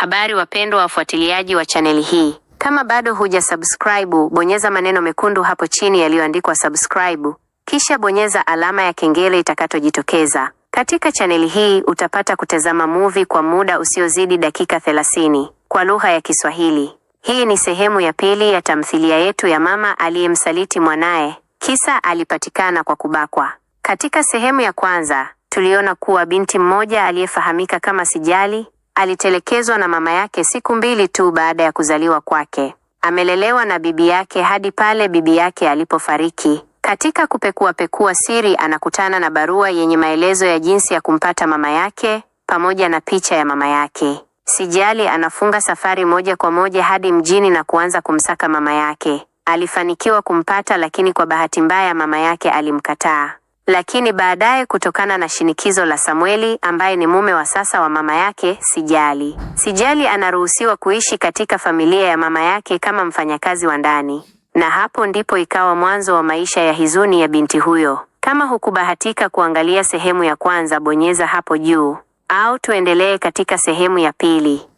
Habari wapendwa wafuatiliaji wa chaneli hii, kama bado huja subscribe, bonyeza maneno mekundu hapo chini yaliyoandikwa subscribe, kisha bonyeza alama ya kengele itakatojitokeza. Katika chaneli hii utapata kutazama movie kwa muda usiozidi dakika 30 kwa lugha ya Kiswahili. Hii ni sehemu ya pili ya tamthilia yetu ya mama aliyemsaliti mwanaye, kisa alipatikana kwa kubakwa. Katika sehemu ya kwanza tuliona kuwa binti mmoja aliyefahamika kama Sijali Alitelekezwa na mama yake siku mbili tu baada ya kuzaliwa kwake. Amelelewa na bibi yake hadi pale bibi yake alipofariki. Katika pekua siri, anakutana na barua yenye maelezo ya jinsi ya kumpata mama yake pamoja na picha ya mama yake. Sijali anafunga safari moja kwa moja hadi mjini na kuanza kumsaka mama yake. Alifanikiwa kumpata, lakini kwa bahati mbaya mama yake alimkataa lakini baadaye kutokana na shinikizo la Samueli ambaye ni mume wa sasa wa mama yake Sijali. Sijali anaruhusiwa kuishi katika familia ya mama yake kama mfanyakazi wa ndani, na hapo ndipo ikawa mwanzo wa maisha ya huzuni ya binti huyo. Kama hukubahatika kuangalia sehemu ya kwanza, bonyeza hapo juu au tuendelee katika sehemu ya pili.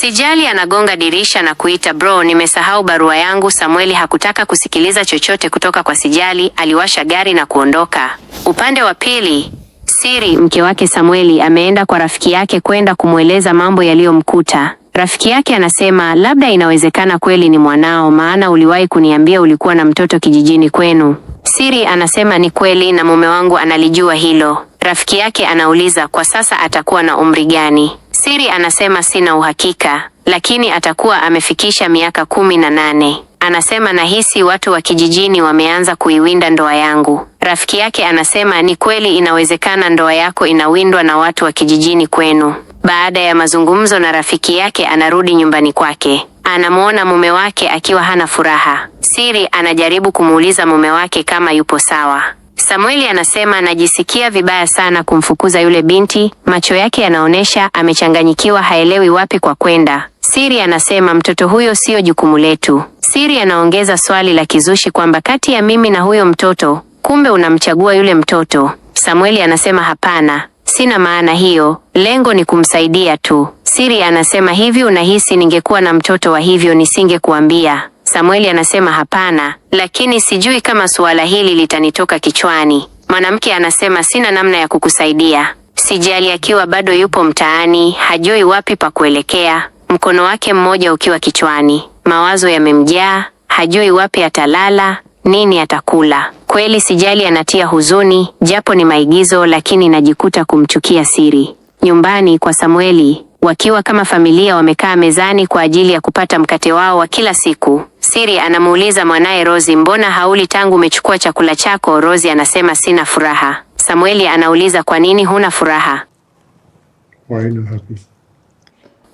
Sijali anagonga dirisha na kuita, bro, nimesahau barua yangu. Samueli hakutaka kusikiliza chochote kutoka kwa Sijali, aliwasha gari na kuondoka. Upande wa pili, Siri, mke wake Samueli, ameenda kwa rafiki yake kwenda kumweleza mambo yaliyomkuta. Rafiki yake anasema labda inawezekana kweli ni mwanao, maana uliwahi kuniambia ulikuwa na mtoto kijijini kwenu. Siri anasema ni kweli, na mume wangu analijua hilo. Rafiki yake anauliza kwa sasa atakuwa na umri gani? Siri anasema sina uhakika, lakini atakuwa amefikisha miaka kumi na nane. Anasema nahisi watu wa kijijini wameanza kuiwinda ndoa yangu. Rafiki yake anasema ni kweli, inawezekana ndoa yako inawindwa na watu wa kijijini kwenu. Baada ya mazungumzo na rafiki yake, anarudi nyumbani kwake. Anamwona mume wake akiwa hana furaha. Siri anajaribu kumuuliza mume wake kama yupo sawa. Samueli anasema anajisikia vibaya sana kumfukuza yule binti, macho yake yanaonyesha amechanganyikiwa, haelewi wapi kwa kwenda. Siri anasema mtoto huyo siyo jukumu letu. Siri anaongeza swali la kizushi kwamba kati ya mimi na huyo mtoto, kumbe unamchagua yule mtoto. Samueli anasema hapana, sina maana hiyo, lengo ni kumsaidia tu. Siri anasema hivi, unahisi ningekuwa na mtoto wa hivyo nisingekuambia? Samueli anasema hapana, lakini sijui kama suala hili litanitoka kichwani. Mwanamke anasema sina namna ya kukusaidia. Sijali akiwa bado yupo mtaani, hajui wapi pa kuelekea, mkono wake mmoja ukiwa kichwani. Mawazo yamemjaa, hajui wapi atalala, nini atakula. Kweli Sijali anatia huzuni, japo ni maigizo, lakini najikuta kumchukia siri. Nyumbani kwa Samueli wakiwa kama familia wamekaa mezani kwa ajili ya kupata mkate wao wa kila siku. Siri anamuuliza mwanaye Rozi, mbona hauli tangu umechukua chakula chako? Rozi anasema sina furaha. Samueli anauliza kwa nini huna furaha?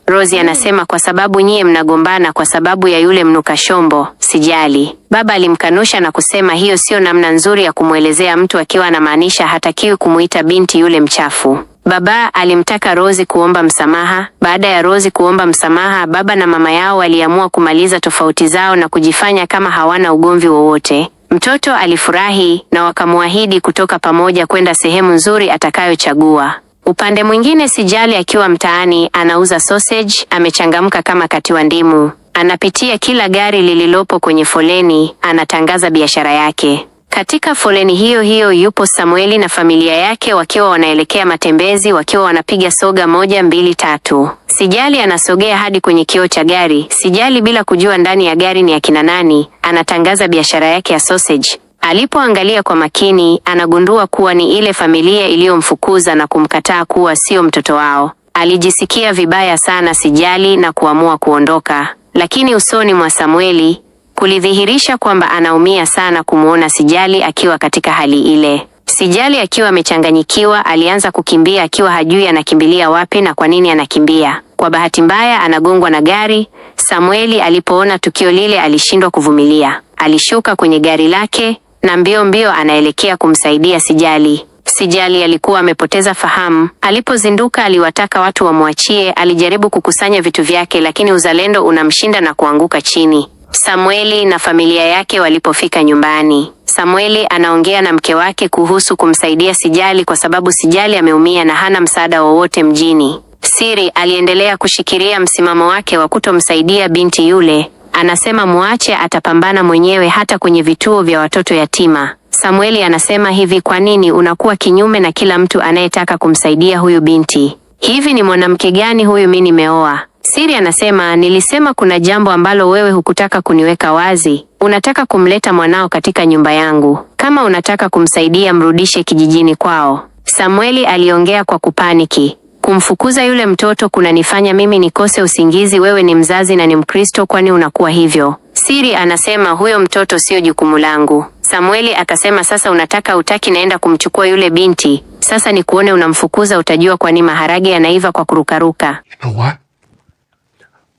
Rozi anasema kwa sababu nyie mnagombana kwa sababu ya yule mnuka shombo. Sijali. Baba alimkanusha na kusema hiyo sio namna nzuri ya kumwelezea mtu akiwa anamaanisha hatakiwi kumuita binti yule mchafu. Baba alimtaka Rozi kuomba msamaha. Baada ya Rozi kuomba msamaha, baba na mama yao waliamua kumaliza tofauti zao na kujifanya kama hawana ugomvi wowote. Mtoto alifurahi na wakamwahidi kutoka pamoja kwenda sehemu nzuri atakayochagua. Upande mwingine, Sijali akiwa mtaani anauza sausage, amechangamka kama kati wa ndimu. Anapitia kila gari lililopo kwenye foleni, anatangaza biashara yake. Katika foleni hiyo hiyo yupo Samueli na familia yake wakiwa wanaelekea matembezi, wakiwa wanapiga soga moja mbili tatu. Sijali anasogea hadi kwenye kioo cha gari. Sijali bila kujua ndani ya gari ni akina nani, anatangaza biashara yake ya sausage. Alipoangalia kwa makini, anagundua kuwa ni ile familia iliyomfukuza na kumkataa kuwa sio mtoto wao. Alijisikia vibaya sana Sijali na kuamua kuondoka, lakini usoni mwa Samueli kulidhihirisha kwamba anaumia sana kumuona Sijali akiwa katika hali ile. Sijali akiwa amechanganyikiwa, alianza kukimbia akiwa hajui anakimbilia wapi na kwa nini anakimbia. Kwa bahati mbaya, anagongwa na gari. Samueli alipoona tukio lile, alishindwa kuvumilia, alishuka kwenye gari lake na mbio mbio anaelekea kumsaidia Sijali. Sijali alikuwa amepoteza fahamu. Alipozinduka aliwataka watu wamwachie. Alijaribu kukusanya vitu vyake, lakini uzalendo unamshinda na kuanguka chini. Samueli na familia yake walipofika nyumbani, Samueli anaongea na mke wake kuhusu kumsaidia Sijali kwa sababu Sijali ameumia na hana msaada wowote mjini. Siri aliendelea kushikilia msimamo wake wa kutomsaidia binti yule. Anasema muache, atapambana mwenyewe hata kwenye vituo vya watoto yatima. Samueli anasema hivi, kwa nini unakuwa kinyume na kila mtu anayetaka kumsaidia huyu binti? Hivi ni mwanamke gani huyu? Mimi nimeoa Siri anasema, nilisema kuna jambo ambalo wewe hukutaka kuniweka wazi. Unataka kumleta mwanao katika nyumba yangu. Kama unataka kumsaidia, mrudishe kijijini kwao. Samueli aliongea kwa kupaniki. Kumfukuza yule mtoto kunanifanya mimi nikose usingizi. Wewe ni mzazi na ni Mkristo, kwani unakuwa hivyo? Siri anasema, huyo mtoto siyo jukumu langu. Samueli akasema, sasa unataka utaki, naenda kumchukua yule binti. Sasa nikuone unamfukuza, utajua kwani maharage yanaiva kwa kurukaruka. You know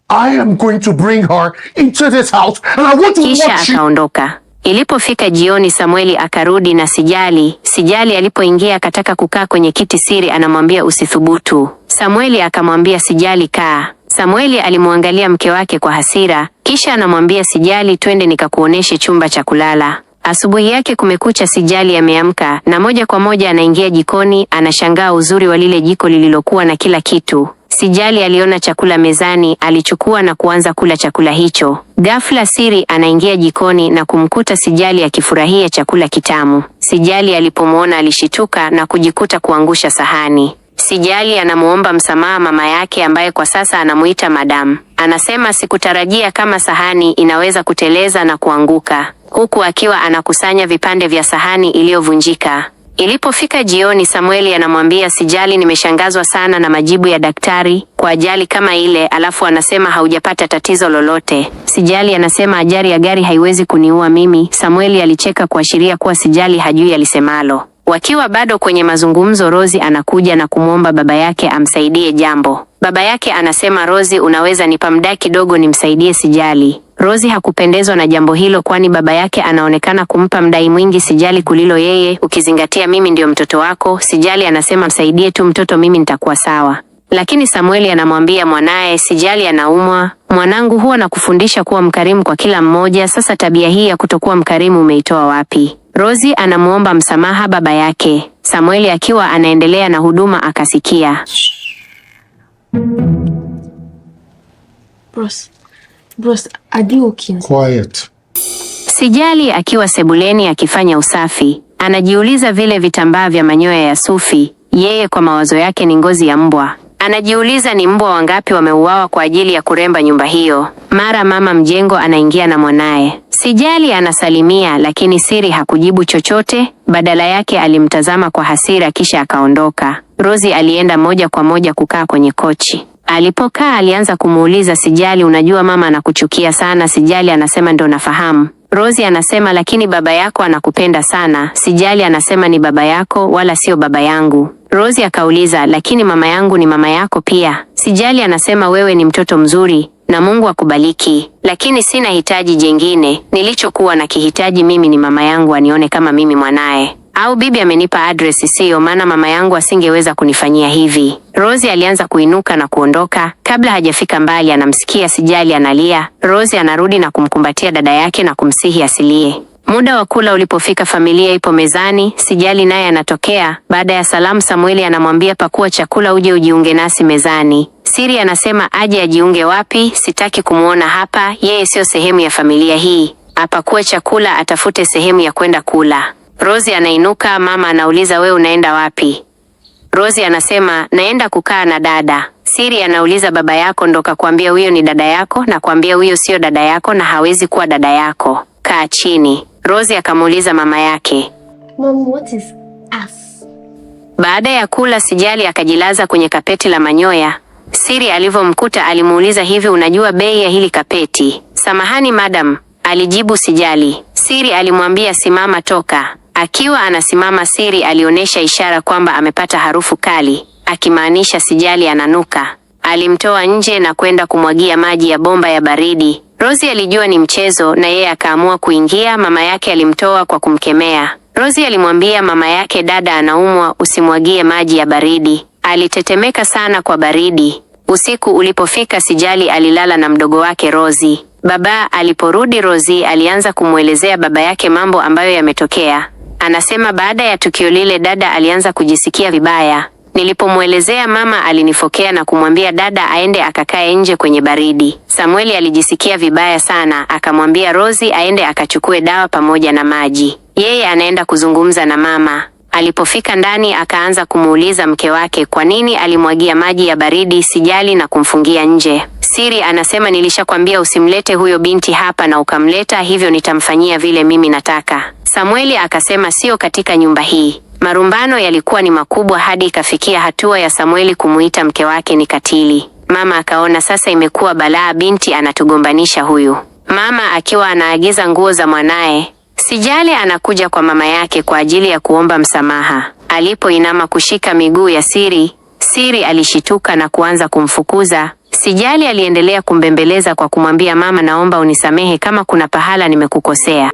I am going to bring her into this house and I want to Kisha watch akaondoka. Ilipofika jioni, Samueli akarudi na Sijali. Sijali alipoingia akataka kukaa kwenye kiti siri, anamwambia usithubutu. Samueli akamwambia Sijali, kaa. Samueli alimwangalia mke wake kwa hasira, kisha anamwambia Sijali, twende nikakuoneshe chumba cha kulala. Asubuhi yake kumekucha, Sijali ameamka na moja kwa moja anaingia jikoni. Anashangaa uzuri wa lile jiko lililokuwa na kila kitu. Sijali aliona chakula mezani, alichukua na kuanza kula chakula hicho. Ghafla Siri anaingia jikoni na kumkuta Sijali akifurahia chakula kitamu. Sijali alipomwona alishituka na kujikuta kuangusha sahani. Sijali anamuomba msamaha mama yake ambaye kwa sasa anamuita madamu. Anasema sikutarajia kama sahani inaweza kuteleza na kuanguka, huku akiwa anakusanya vipande vya sahani iliyovunjika. Ilipofika jioni, Samueli anamwambia sijali, nimeshangazwa sana na majibu ya daktari kwa ajali kama ile, alafu anasema haujapata tatizo lolote. Sijali anasema ajali ya gari haiwezi kuniua mimi. Samueli alicheka kuashiria kuwa Sijali hajui alisemalo. Wakiwa bado kwenye mazungumzo, Rozi anakuja na kumwomba baba yake amsaidie jambo. Baba yake anasema, Rozi, unaweza nipa muda kidogo nimsaidie Sijali. Rozi hakupendezwa na jambo hilo, kwani baba yake anaonekana kumpa mdai mwingi Sijali kulilo yeye, ukizingatia mimi ndiyo mtoto wako. Sijali anasema, msaidie tu mtoto, mimi nitakuwa sawa. Lakini Samueli anamwambia mwanaye, Sijali anaumwa. Mwanangu, huwa na kufundisha kuwa mkarimu kwa kila mmoja. Sasa tabia hii ya kutokuwa mkarimu umeitoa wapi? rosi anamwomba msamaha baba yake. Samueli akiwa anaendelea na huduma akasikia. Bros, bros, Quiet. Sijali akiwa sebuleni akifanya usafi, anajiuliza vile vitambaa vya manyoya ya Sufi, yeye kwa mawazo yake ni ngozi ya mbwa. Anajiuliza ni mbwa wangapi wameuawa kwa ajili ya kuremba nyumba hiyo. Mara mama mjengo anaingia na mwanaye. Sijali anasalimia, lakini siri hakujibu chochote. Badala yake alimtazama kwa hasira, kisha akaondoka. Rozi alienda moja kwa moja kukaa kwenye kochi. Alipokaa alianza kumuuliza Sijali, unajua mama anakuchukia sana. Sijali anasema ndo nafahamu. Rozi anasema lakini baba yako anakupenda sana. Sijali anasema ni baba yako wala sio baba yangu. Rosie akauliza, lakini mama yangu ni mama yako pia. Sijali, anasema wewe ni mtoto mzuri na Mungu akubariki, lakini sina hitaji jingine. Nilichokuwa na kihitaji mimi ni mama yangu anione kama mimi mwanaye au bibi amenipa adresi, siyo? Maana mama yangu asingeweza kunifanyia hivi. Rosie alianza kuinuka na kuondoka. Kabla hajafika mbali, anamsikia Sijali analia. Rosie anarudi na kumkumbatia dada yake na kumsihi asilie. Muda wa kula ulipofika, familia ipo mezani, Sijali naye anatokea. Baada ya salamu, Samueli anamwambia pakua chakula uje ujiunge nasi mezani. Siri anasema aje ajiunge wapi, sitaki kumuona hapa, yeye siyo sehemu ya familia hii. Apakue chakula atafute sehemu ya kwenda kula. Rozi anainuka, mama anauliza we unaenda wapi? Rozi anasema naenda kukaa na dada. Siri anauliza baba yako ndo kakwambia huyo ni dada yako? Na kuambia huyo siyo dada yako na hawezi kuwa dada yako, kaa chini. Rozi akamuuliza mama yake. Mom, what is us? Baada ya kula Sijali akajilaza kwenye kapeti la manyoya. Siri alivyomkuta alimuuliza, hivi unajua bei ya hili kapeti? Samahani madam, alijibu Sijali. Siri alimwambia simama, toka. Akiwa anasimama Siri alionyesha ishara kwamba amepata harufu kali, akimaanisha Sijali ananuka. Alimtoa nje na kwenda kumwagia maji ya bomba ya baridi rozi alijua ni mchezo na yeye akaamua kuingia. Mama yake alimtoa kwa kumkemea. rozi alimwambia mama yake, dada anaumwa, usimwagie maji ya baridi. Alitetemeka sana kwa baridi. Usiku ulipofika, Sijali alilala na mdogo wake rozi Baba aliporudi, rozi alianza kumwelezea baba yake mambo ambayo yametokea. Anasema baada ya tukio lile, dada alianza kujisikia vibaya. Nilipomwelezea mama, alinifokea na kumwambia dada aende akakae nje kwenye baridi. Samueli alijisikia vibaya sana, akamwambia Rozi aende akachukue dawa pamoja na maji, yeye anaenda kuzungumza na mama. Alipofika ndani akaanza kumuuliza mke wake kwa nini alimwagia maji ya baridi sijali na kumfungia nje. Siri anasema nilishakwambia usimlete huyo binti hapa na ukamleta, hivyo nitamfanyia vile mimi nataka. Samueli akasema sio katika nyumba hii. Marumbano yalikuwa ni makubwa hadi ikafikia hatua ya Samueli kumuita mke wake ni katili. Mama akaona sasa imekuwa balaa, binti anatugombanisha huyu. Mama akiwa anaagiza nguo za mwanaye Sijale anakuja kwa mama yake kwa ajili ya kuomba msamaha. Alipoinama kushika miguu ya Siri, Siri alishituka na kuanza kumfukuza Sijali aliendelea kumbembeleza kwa kumwambia mama, naomba unisamehe kama kuna pahala nimekukosea.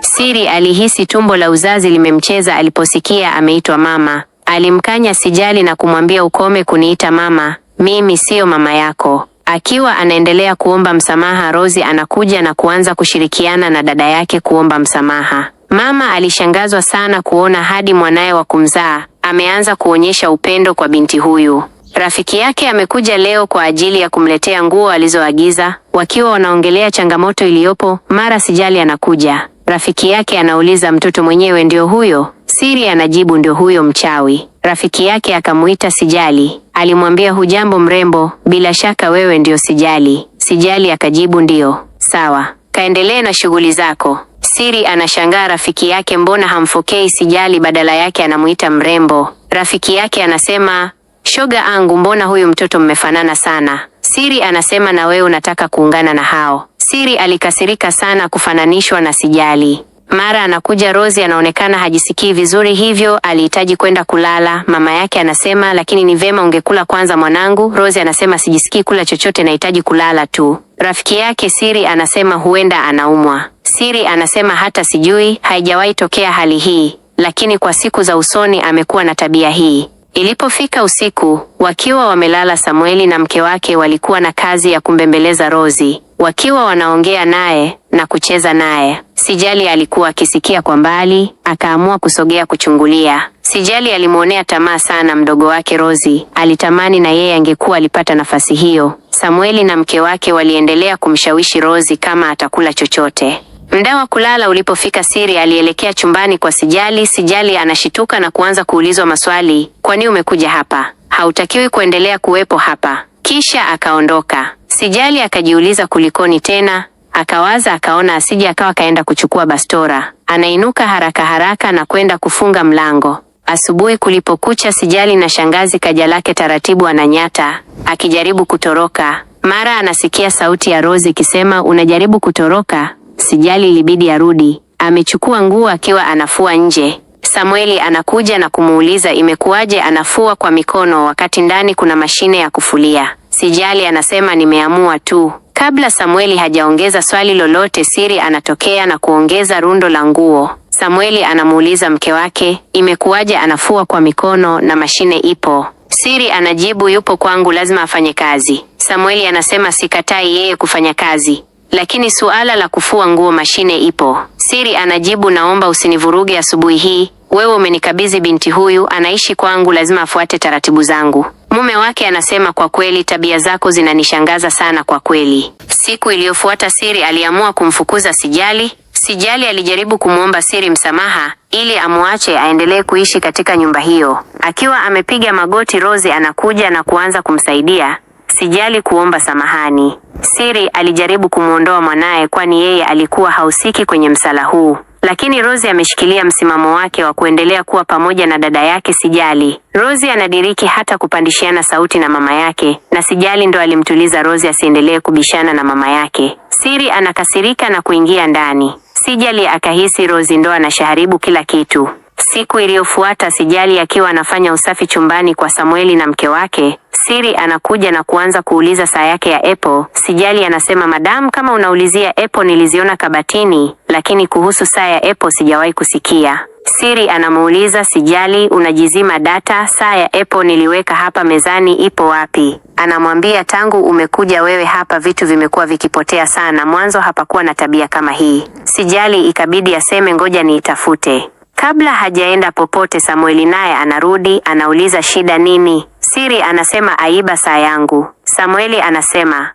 Siri alihisi tumbo la uzazi limemcheza aliposikia ameitwa mama. Alimkanya Sijali na kumwambia ukome kuniita mama, mimi siyo mama yako. Akiwa anaendelea kuomba msamaha, Rozi anakuja na kuanza kushirikiana na dada yake kuomba msamaha. Mama alishangazwa sana kuona hadi mwanaye wa kumzaa ameanza kuonyesha upendo kwa binti huyu. Rafiki yake amekuja leo kwa ajili ya kumletea nguo alizoagiza. Wakiwa wanaongelea changamoto iliyopo, mara Sijali anakuja. Rafiki yake anauliza, mtoto mwenyewe ndio huyo? Siri anajibu, ndio huyo mchawi. Rafiki yake akamuita Sijali, alimwambia hujambo mrembo, bila shaka wewe ndio Sijali. Sijali akajibu ndio Sawa, kaendelee na shughuli zako. Siri anashangaa rafiki yake mbona hamfokei sijali, badala yake anamuita mrembo. Rafiki yake anasema shoga angu, mbona huyu mtoto mmefanana sana? Siri anasema na wewe unataka kuungana na hao? Siri alikasirika sana kufananishwa na sijali. Mara anakuja Rozi, anaonekana hajisikii vizuri, hivyo alihitaji kwenda kulala. Mama yake anasema lakini ni vema ungekula kwanza mwanangu. Rozi anasema sijisikii kula chochote, nahitaji kulala tu. Rafiki yake Siri anasema huenda anaumwa. Siri anasema hata sijui, haijawahi tokea hali hii, lakini kwa siku za usoni amekuwa na tabia hii. Ilipofika usiku, wakiwa wamelala, Samueli na mke wake walikuwa na kazi ya kumbembeleza Rozi, wakiwa wanaongea naye na kucheza naye. Sijali alikuwa akisikia kwa mbali, akaamua kusogea kuchungulia. Sijali alimwonea tamaa sana mdogo wake Rozi, alitamani na yeye angekuwa alipata nafasi hiyo. Samueli na mke wake waliendelea kumshawishi Rozi kama atakula chochote. Mda wa kulala ulipofika, Siri alielekea chumbani kwa Sijali. Sijali anashituka na kuanza kuulizwa maswali, kwani umekuja hapa? Hautakiwi kuendelea kuwepo hapa. Kisha akaondoka. Sijali akajiuliza kulikoni tena, akawaza, akaona asije akawa kaenda kuchukua bastora. Anainuka haraka haraka na kwenda kufunga mlango. Asubuhi kulipokucha, Sijali na shangazi kaja lake taratibu, ananyata akijaribu kutoroka. Mara anasikia sauti ya Rose ikisema unajaribu kutoroka. Sijali ilibidi arudi, amechukua nguo akiwa anafua nje. Samueli anakuja na kumuuliza imekuwaje anafua kwa mikono wakati ndani kuna mashine ya kufulia. Sijali anasema nimeamua tu. Kabla Samueli hajaongeza swali lolote, Siri anatokea na kuongeza rundo la nguo. Samueli anamuuliza mke wake, imekuwaje anafua kwa mikono na mashine ipo? Siri anajibu yupo kwangu, lazima afanye kazi. Samueli anasema sikatai yeye kufanya kazi, lakini suala la kufua nguo mashine ipo. Siri anajibu naomba usinivuruge asubuhi hii, wewe umenikabidhi binti huyu, anaishi kwangu, lazima afuate taratibu zangu. Mume wake anasema kwa kweli tabia zako zinanishangaza sana kwa kweli. Siku iliyofuata Siri aliamua kumfukuza Sijali Sijali alijaribu kumwomba Siri msamaha ili amwache aendelee kuishi katika nyumba hiyo. Akiwa amepiga magoti, Rose anakuja na kuanza kumsaidia Sijali kuomba samahani. Siri alijaribu kumwondoa mwanaye, kwani yeye alikuwa hausiki kwenye msala huu, lakini Rose ameshikilia msimamo wake wa kuendelea kuwa pamoja na dada yake Sijali. Rose anadiriki hata kupandishiana sauti na mama yake, na Sijali ndo alimtuliza Rose asiendelee kubishana na mama yake. Siri anakasirika na kuingia ndani. Sijali akahisi Rozi ndo anashaharibu kila kitu. Siku iliyofuata Sijali akiwa anafanya usafi chumbani kwa Samueli na mke wake, Siri anakuja na kuanza kuuliza saa yake ya Apple. Sijali anasema, madam, kama unaulizia Apple niliziona kabatini, lakini kuhusu saa ya Apple sijawahi kusikia. Siri anamuuliza, sijali, unajizima data, saa ya Apple niliweka hapa mezani, ipo wapi? Anamwambia, tangu umekuja wewe hapa vitu vimekuwa vikipotea sana, mwanzo hapakuwa na tabia kama hii. Sijali ikabidi aseme, ngoja niitafute. Kabla hajaenda popote, Samueli naye anarudi, anauliza shida nini? Siri anasema aiba saa yangu. Samueli anasema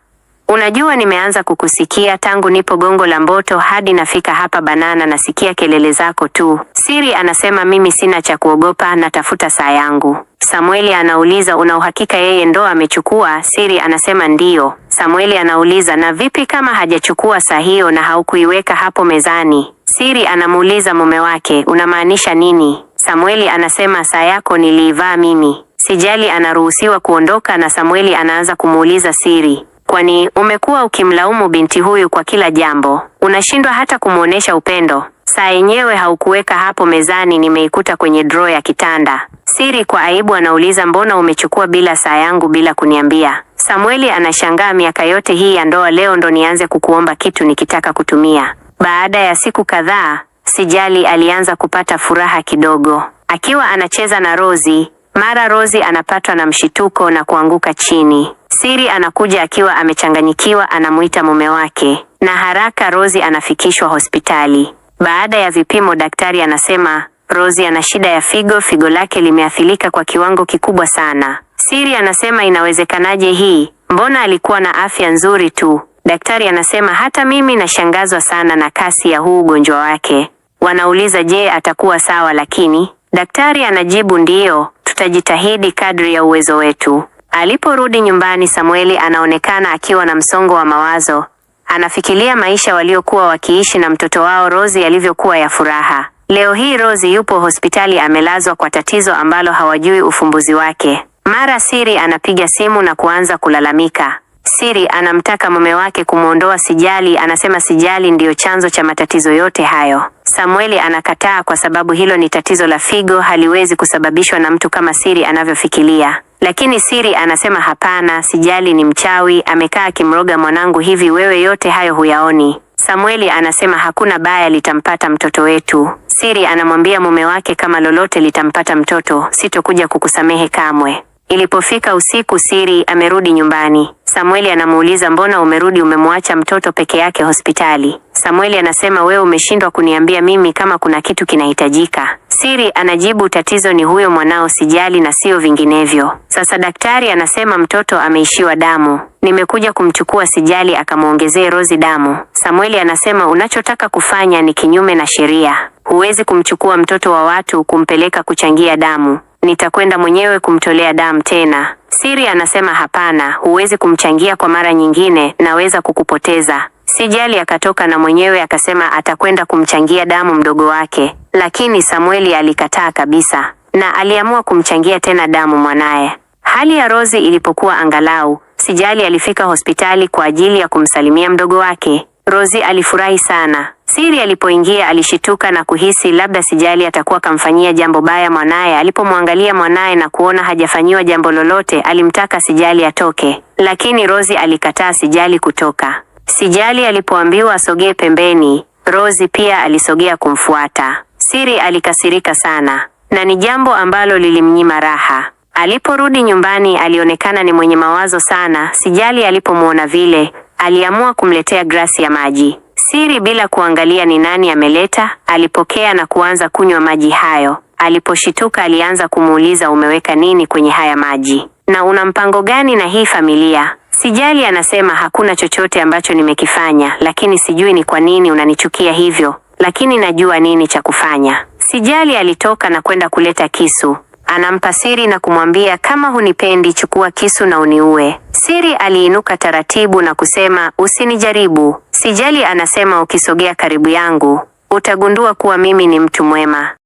unajua, nimeanza kukusikia tangu nipo gongo la Mboto hadi nafika hapa Banana, nasikia kelele zako tu. Siri anasema mimi sina cha kuogopa, natafuta saa yangu. Samueli anauliza una uhakika yeye ndo amechukua? Siri anasema ndiyo. Samueli anauliza na vipi kama hajachukua saa hiyo na haukuiweka hapo mezani? Siri anamuuliza mume wake unamaanisha nini? Samueli anasema saa yako niliivaa mimi. Sijali anaruhusiwa kuondoka na Samueli anaanza kumuuliza siri. Kwani umekuwa ukimlaumu binti huyu kwa kila jambo, unashindwa hata kumwonyesha upendo. Saa yenyewe haukuweka hapo mezani, nimeikuta kwenye draw ya kitanda. Siri kwa aibu anauliza, mbona umechukua bila saa yangu bila kuniambia? Samueli anashangaa, miaka yote hii ya ndoa leo ndo nianze kukuomba kitu nikitaka kutumia. Baada ya siku kadhaa, Sijali alianza kupata furaha kidogo akiwa anacheza na Rozi. Mara Rozi anapatwa na mshituko na kuanguka chini. Siri anakuja akiwa amechanganyikiwa, anamuita mume wake na haraka Rozi anafikishwa hospitali. Baada ya vipimo, daktari anasema Rozi ana shida ya figo, figo lake limeathirika kwa kiwango kikubwa sana. Siri anasema inawezekanaje hii? Mbona alikuwa na afya nzuri tu? Daktari anasema hata mimi nashangazwa sana na kasi ya huu ugonjwa wake. Wanauliza je, atakuwa sawa? Lakini daktari anajibu ndiyo, tutajitahidi kadri ya uwezo wetu. Aliporudi nyumbani, Samueli anaonekana akiwa na msongo wa mawazo. Anafikiria maisha waliokuwa wakiishi na mtoto wao Rozi yalivyokuwa ya furaha. Leo hii Rozi yupo hospitali amelazwa kwa tatizo ambalo hawajui ufumbuzi wake. Mara Siri anapiga simu na kuanza kulalamika. Siri anamtaka mume wake kumwondoa Sijali, anasema Sijali ndiyo chanzo cha matatizo yote hayo. Samueli anakataa kwa sababu hilo ni tatizo la figo, haliwezi kusababishwa na mtu kama Siri anavyofikiria. Lakini Siri anasema hapana, sijali, ni mchawi, amekaa akimroga mwanangu. Hivi wewe yote hayo huyaoni? Samueli anasema hakuna baya, litampata mtoto wetu. Siri anamwambia mume wake, kama lolote litampata mtoto, sitokuja kukusamehe kamwe. Ilipofika usiku, Siri amerudi nyumbani. Samueli anamuuliza mbona umerudi, umemwacha mtoto peke yake hospitali? Samueli anasema wewe umeshindwa kuniambia mimi kama kuna kitu kinahitajika. Siri anajibu tatizo ni huyo mwanao, sijali na sio vinginevyo. Sasa daktari anasema mtoto ameishiwa damu, nimekuja kumchukua, sijali akamwongezee Rozi damu. Samueli anasema unachotaka kufanya ni kinyume na sheria, huwezi kumchukua mtoto wa watu kumpeleka kuchangia damu nitakwenda mwenyewe kumtolea damu tena. Siri anasema hapana, huwezi kumchangia kwa mara nyingine, naweza kukupoteza. Sijali akatoka na mwenyewe akasema atakwenda kumchangia damu mdogo wake, lakini Samueli alikataa kabisa na aliamua kumchangia tena damu mwanaye. Hali ya Rozi ilipokuwa angalau, Sijali alifika hospitali kwa ajili ya kumsalimia mdogo wake, Rozi alifurahi sana. Siri alipoingia alishituka na kuhisi labda Sijali atakuwa kamfanyia jambo baya mwanaye. Alipomwangalia mwanaye na kuona hajafanyiwa jambo lolote, alimtaka Sijali atoke, lakini Rozi alikataa Sijali kutoka. Sijali alipoambiwa asogee pembeni, Rozi pia alisogea kumfuata. Siri alikasirika sana na ni jambo ambalo lilimnyima raha. Aliporudi nyumbani alionekana ni mwenye mawazo sana. Sijali alipomwona vile aliamua kumletea glasi ya maji siri bila kuangalia ni nani ameleta. Alipokea na kuanza kunywa maji hayo. Aliposhituka alianza kumuuliza, umeweka nini kwenye haya maji na una mpango gani na hii familia? Sijali, anasema hakuna chochote ambacho nimekifanya, lakini sijui ni kwa nini unanichukia hivyo, lakini najua nini cha kufanya. Sijali alitoka na kwenda kuleta kisu anampa Siri na kumwambia kama hunipendi chukua kisu na uniue. Siri aliinuka taratibu na kusema usinijaribu, sijali anasema ukisogea karibu yangu utagundua kuwa mimi ni mtu mwema.